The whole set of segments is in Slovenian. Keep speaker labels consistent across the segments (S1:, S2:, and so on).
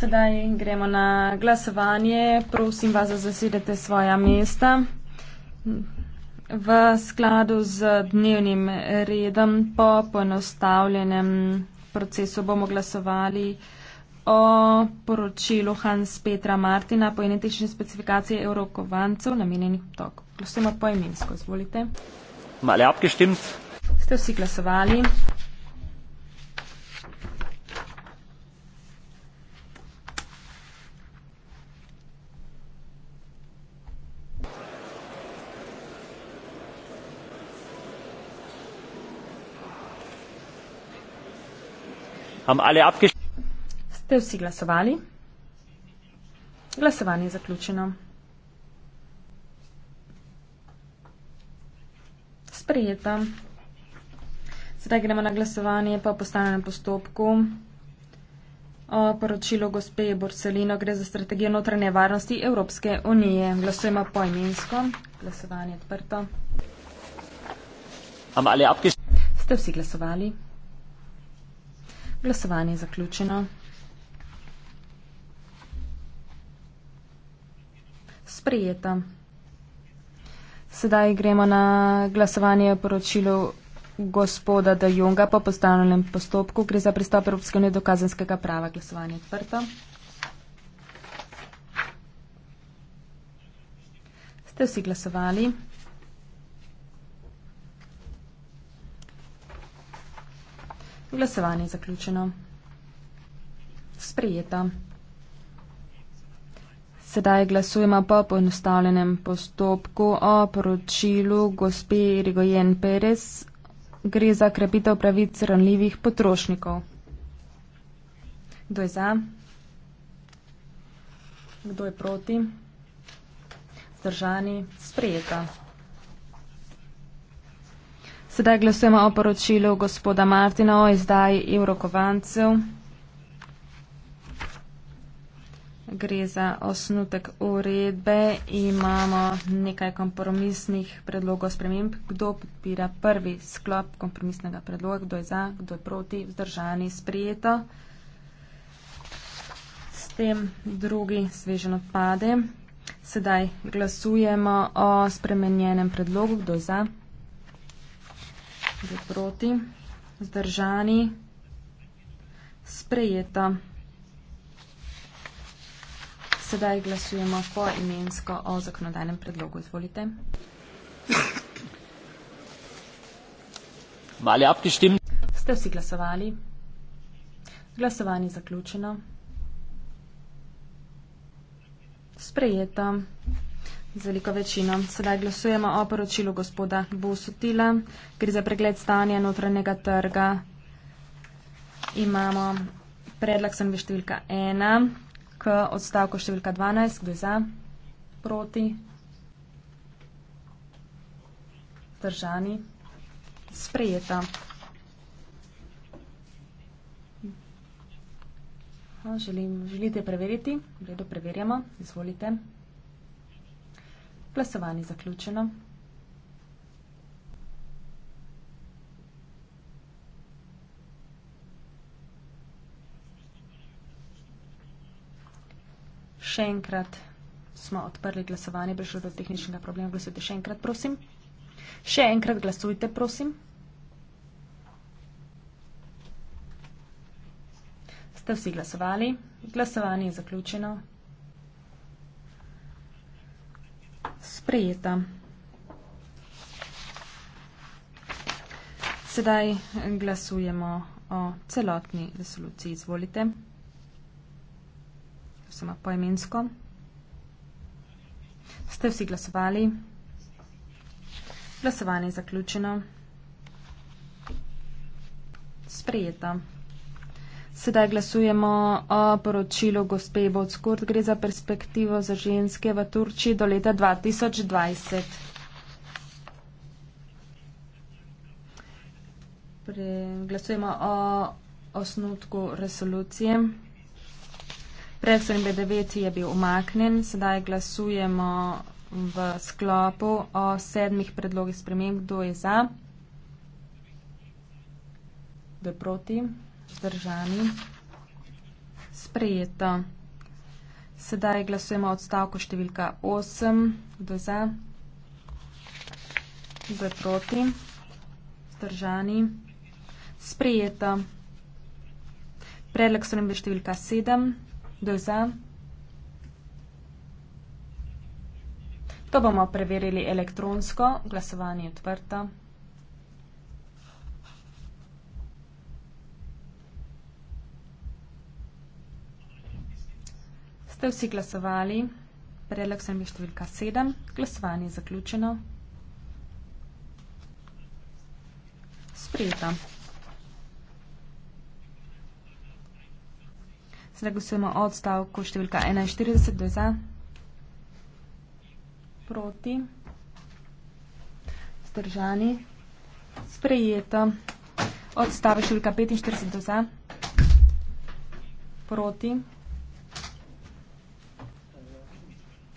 S1: Sedaj gremo na glasovanje. Prosim vas, da zasedete svoja mesta. V skladu z dnevnim redom po poenostavljenem procesu bomo glasovali o poročilu Hans Petra Martina po enetični specifikaciji evrokovancev namenjeni tok. Glasujemo po imensko, izvolite. Ste vsi glasovali? Haben alle Ste vsi glasovali? Glasovanje je zaključeno. Sprejeta. Sedaj gremo na glasovanje po postavljenem postopku. O poročilu gospe Borcelino gre za strategijo notranje varnosti Evropske unije. Glasujemo poimensko. Glasovanje je odprto. Ste vsi glasovali? Glasovanje je zaključeno. Sprejeta. Sedaj gremo na glasovanje o poročilu gospoda De Jonga po postavljenem postopku. Gre za pristop Evropske unije do kazenskega prava. Glasovanje je odprto. Ste vsi glasovali? Glasovanje je zaključeno. Sprejeta. Sedaj glasujemo po ponostavljenem postopku o poročilu gospe Rigojen Perez. Gre za krepitev pravic ranljivih potrošnikov. Kdo je za? Kdo je proti? Zdržani? Sprejeta. Sedaj glasujemo o poročilu gospoda Martina o izdaji evrokovancev. Gre za osnutek uredbe. Imamo nekaj kompromisnih predlogov sprememb. Kdo podpira prvi sklop kompromisnega predloga? Kdo je za? Kdo je proti? Vzdržani sprijeto. S tem drugi svežen odpade. Sedaj glasujemo o spremenjenem predlogu. Kdo je za? Zdaj proti. Zdržani. Sprejeta. Sedaj glasujemo po imensko o zakonodajnem predlogu. Izvolite.
S2: Mali abgestimt.
S1: Ste vsi glasovali? Glasovanje zaključeno. Sprejeta. Z veliko večino. Sedaj glasujemo o poročilu gospoda Bosutila. Gre za pregled stanja notranjega trga. Imamo predlog sem številka 1 k odstavku številka 12. Kdo je za? Proti? Držani? Sprejeta. Želim, želite preveriti? V redu, preverjamo. Izvolite. Glasovanje zaključeno. Še enkrat smo odprli glasovanje, prišlo do tehničnega problema. Glasujte še enkrat, prosim. Še enkrat glasujte, prosim. Ste vsi glasovali? Glasovanje je zaključeno. sprejeta. Sedaj glasujemo o celotni resoluciji. Izvolite. Vsema poemensko. Ste vsi glasovali? Glasovanje je zaključeno. Sprejeta. Sedaj glasujemo o poročilu gospe Bodskurt. Gre za perspektivo za ženske v Turčiji do leta 2020. Pre, glasujemo o osnutku resolucije. Predsednik B9 je bil umaknen. Sedaj glasujemo v sklopu o sedmih predlogih sprememb. Kdo je za? Kdo je proti? vzdržani. Sprejeto. Sedaj glasujemo odstavko številka 8. Kdo za? Kdo proti? Vzdržani. Sprejeto. Predlog spremembe številka 7. Kdo za? To bomo preverili elektronsko. Glasovanje je odprto. ste vsi glasovali. Predlog sem je številka 7. Glasovanje je zaključeno. Sprejeta. Sedaj glasujemo o odstavku številka 41 do za. Proti. Zdržani. Sprejeta. Odstavek številka 45 do za. Proti.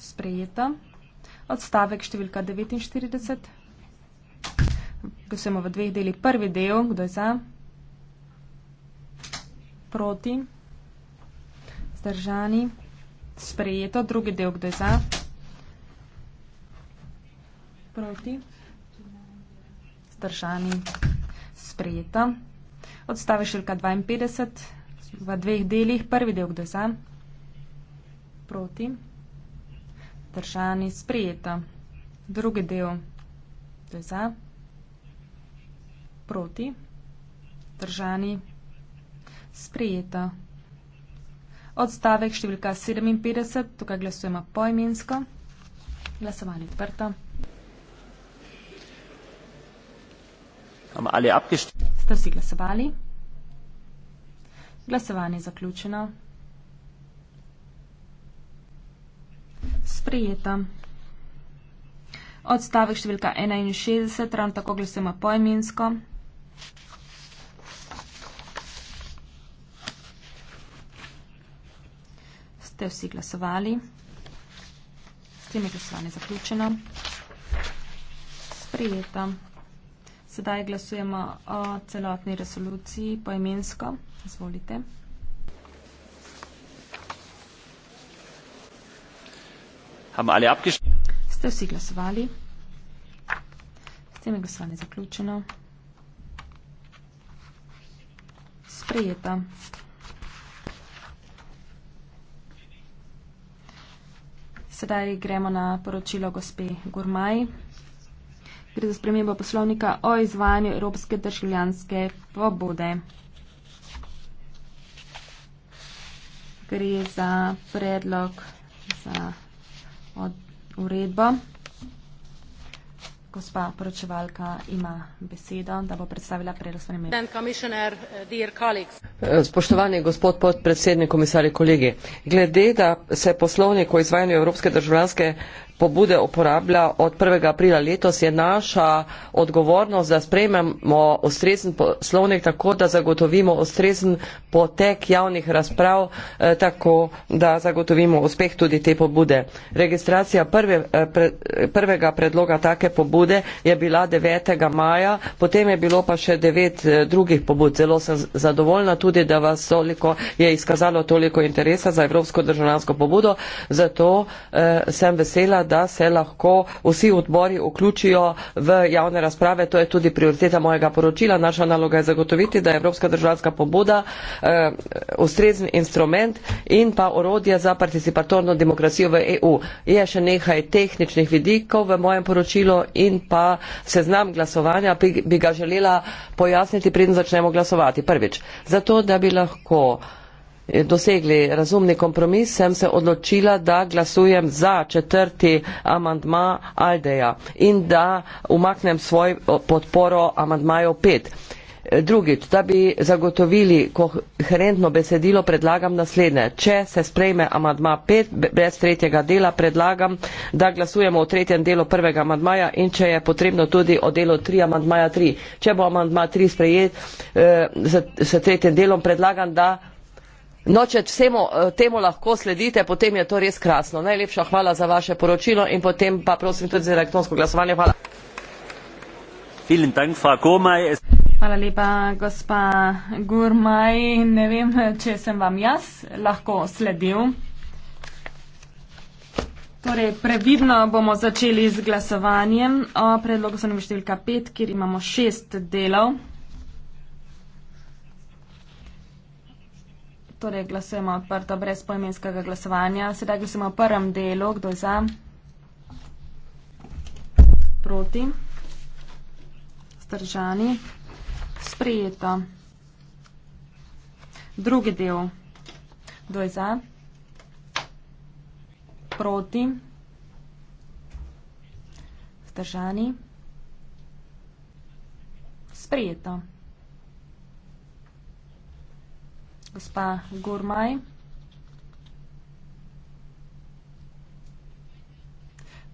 S1: sprejeta. Odstavek številka 49. Glasujemo v dveh delih. Prvi del, kdo je za? Proti? Zdržani? Sprejeto. Drugi del, kdo je za? Proti? Zdržani? Sprejeto. Odstavek številka 52 v dveh delih. Prvi del, kdo je za? Proti? Vprašanje sprijeta. Drugi del. To je za, proti, držani, sprijeta. Odstavek številka 57, tukaj glasujemo poimensko. Glasovanje odprto. Ste vsi glasovali? Glasovanje je zaključeno. sprejeta. Odstavek številka 61, ravno tako glasujemo poimensko. Ste vsi glasovali? S tem je glasovanje zaključeno. Sprijeta. Sedaj glasujemo o celotni resoluciji poimensko. Izvolite. Haben alle ste vsi glasovali? S tem je glasovanje zaključeno. Sprejeta. Sedaj gremo na poročilo gospe Gurmaj. Gre za spremembo poslovnika o izvajanju evropske državljanske pobude. Gre za predlog za uredbo. Gospa poročevalka ima besedo, da bo predstavila predostanje med. Uh,
S3: eh, spoštovani gospod podpredsednik, komisari, kolegi. Glede, da se poslovnik o izvajanju Evropske državljanske pobude uporablja od 1. aprila letos, je naša odgovornost, da sprejmemo ustrezen poslovnik tako, da zagotovimo ustrezen potek javnih razprav, eh, tako da zagotovimo uspeh tudi te pobude. Registracija prve, eh, pre, prvega predloga take pobude je bila 9. maja, potem je bilo pa še devet eh, drugih pobud. Zelo sem zadovoljna tudi, da vas toliko je izkazalo toliko interesa za Evropsko državljansko pobudo, zato eh, sem vesela, da se lahko vsi odbori vključijo v javne razprave. To je tudi prioriteta mojega poročila. Naša naloga je zagotoviti, da je Evropska državljanska pobuda eh, ustrezen instrument in pa orodje za participatorno demokracijo v EU. Je še nekaj tehničnih vidikov v mojem poročilu in pa seznam glasovanja bi ga želela pojasniti, preden začnemo glasovati. Prvič, zato da bi lahko dosegli razumni kompromis, sem se odločila, da glasujem za četrti amandma Aldeja in da umaknem svoj podporo amandmajo 5. Drugič, da bi zagotovili koherentno besedilo, predlagam naslednje. Če se sprejme amadma 5 brez tretjega dela, predlagam, da glasujemo o tretjem delu prvega amadmaja in če je potrebno tudi o delu 3 amadmaja 3. Če bo amadma 3 sprejet eh, s, s tretjim delom, predlagam, da No, če vsemu eh, temu lahko sledite, potem je to res krasno. Najlepša hvala za vaše poročilo in potem pa prosim tudi za elektronsko glasovanje. Hvala.
S1: Hvala lepa, gospa Gurmaj. Ne vem, če sem vam jaz lahko sledil. Torej, previdno bomo začeli z glasovanjem o predlogu sonim številka 5, kjer imamo šest delov. Torej, glasujemo odprto brez pojmenskega glasovanja. Sedaj glasujemo v prvem delu. Kdo je za? Proti? Zdržani? Sprijeto. Drugi del. Kdo je za? Proti? Zdržani? Sprijeto. gospa Gurmaj.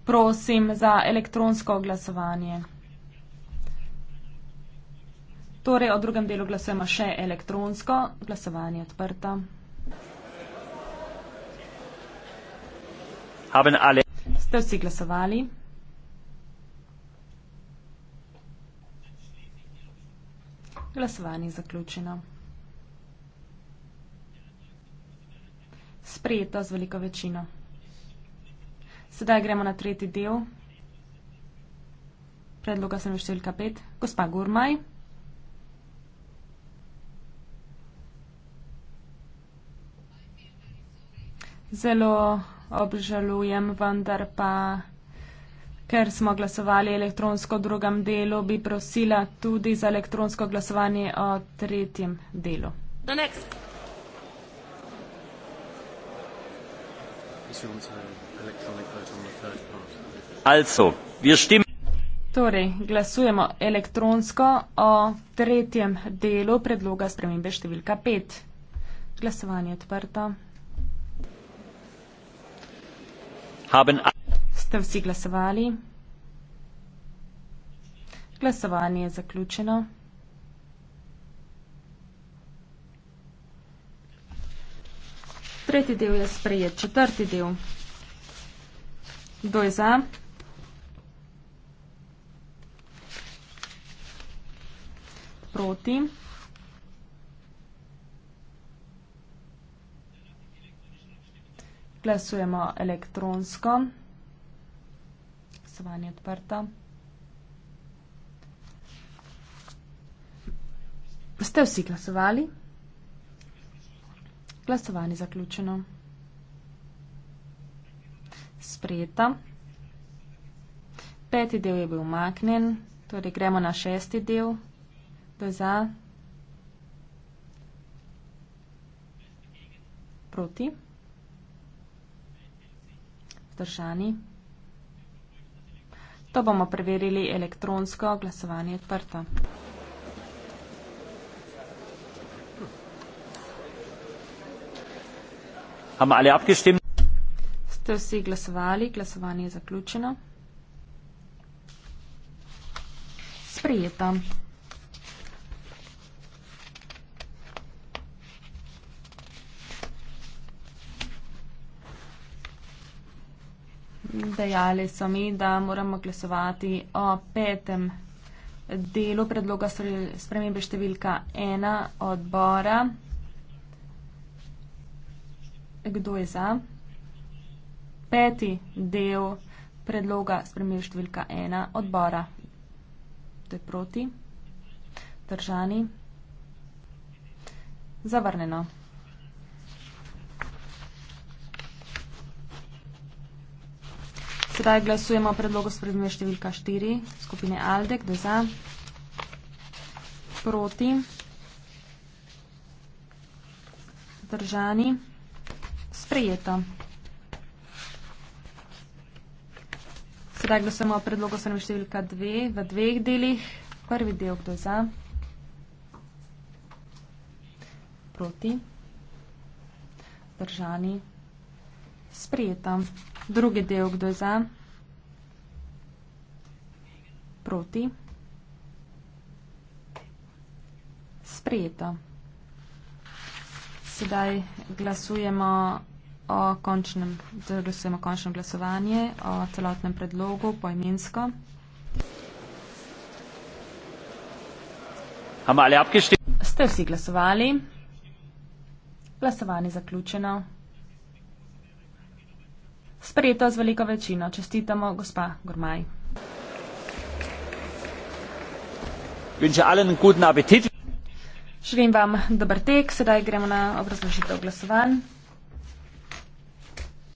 S1: Prosim za elektronsko glasovanje. Torej, o drugem delu glasujemo še elektronsko. Glasovanje odprto.
S2: Ste vsi glasovali?
S1: Glasovanje je zaključeno. sprejeta z veliko večino. Sedaj gremo na tretji del. Predloga sem številka pet. Gospa Gurmaj. Zelo obžalujem, vendar pa, ker smo glasovali elektronsko v drugem delu, bi prosila tudi za elektronsko glasovanje o tretjem delu. The next. Torej, glasujemo elektronsko o tretjem delu predloga spremembe številka 5. Glasovanje odprto. Ste vsi glasovali? Glasovanje je zaključeno. Tretji del je sprejet. Četrti del. Kdo je za? Proti. Glasujemo elektronsko. Glasovanje odprto. Ste vsi glasovali? Glasovanje zaključeno. Sprejeta. Peti del je bil umaknen, torej gremo na šesti del. Kdo za? Proti? Vzdržani? To bomo preverili elektronsko glasovanje odprto.
S2: Haben alle abgestimmt?
S1: Ste vsi glasovali? Glasovanje je zaključeno. Sprijeta. Dejali so mi, da moramo glasovati o petem delu predloga spremembe številka ena odbora kdo je za. Peti del predloga spremenil številka ena odbora. To je proti. Držani. Zavrneno. Sedaj glasujemo o predlogu spremenil številka štiri skupine Alde. Kdo je za? Proti. Držani sprejeto. Sedaj glasujemo o predlogu sprememb številka 2 v dveh delih. Prvi del, kdo je za? Proti? Držani? Sprejeto. Drugi del, kdo je za? Proti? Sprejeto. Sedaj glasujemo o končnem, zarusujemo torej končno glasovanje o celotnem predlogu poimensko. Ste vsi glasovali? Glasovanje zaključeno. Sprejeto z veliko večino. Čestitamo, gospa Gormaj. Želim vam dober tek, sedaj gremo na obrazložitev glasovanj.